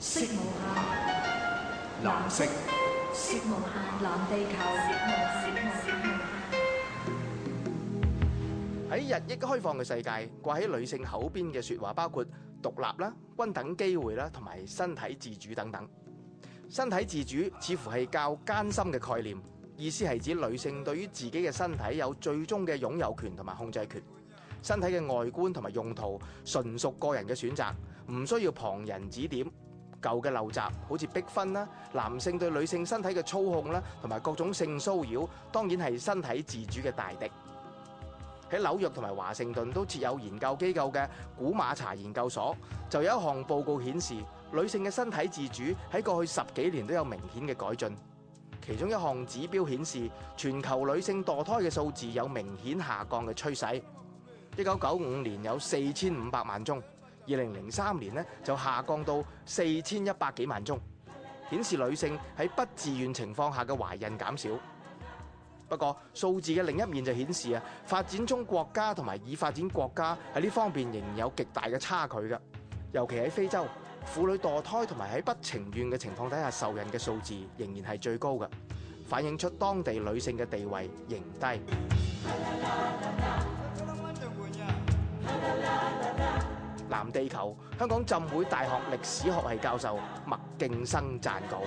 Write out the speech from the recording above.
色無限藍色，色無限藍地球。喺日益開放嘅世界，掛喺女性口邊嘅説話包括獨立啦、均等機會啦，同埋身體自主等等。身體自主似乎係較艱深嘅概念，意思係指女性對於自己嘅身體有最終嘅擁有權同埋控制權，身體嘅外觀同埋用途純屬個人嘅選擇，唔需要旁人指點。舊嘅陋習，好似逼婚啦，男性對女性身體嘅操控啦，同埋各種性騷擾，當然係身體自主嘅大敵。喺紐約同埋華盛頓都設有研究機構嘅古馬查研究所，就有一項報告顯示，女性嘅身體自主喺過去十幾年都有明顯嘅改進。其中一項指標顯示，全球女性墮胎嘅數字有明顯下降嘅趨勢。一九九五年有四千五百萬宗。二零零三年呢，就下降到四千一百幾萬宗，顯示女性喺不自願情況下嘅懷孕減少。不過數字嘅另一面就顯示啊，發展中國家同埋已發展國家喺呢方面仍然有極大嘅差距㗎。尤其喺非洲，婦女墮胎同埋喺不情願嘅情況底下受孕嘅數字仍然係最高嘅，反映出當地女性嘅地位仍低。 地球，香港浸會大學歷史學系教授麥勁生撰稿。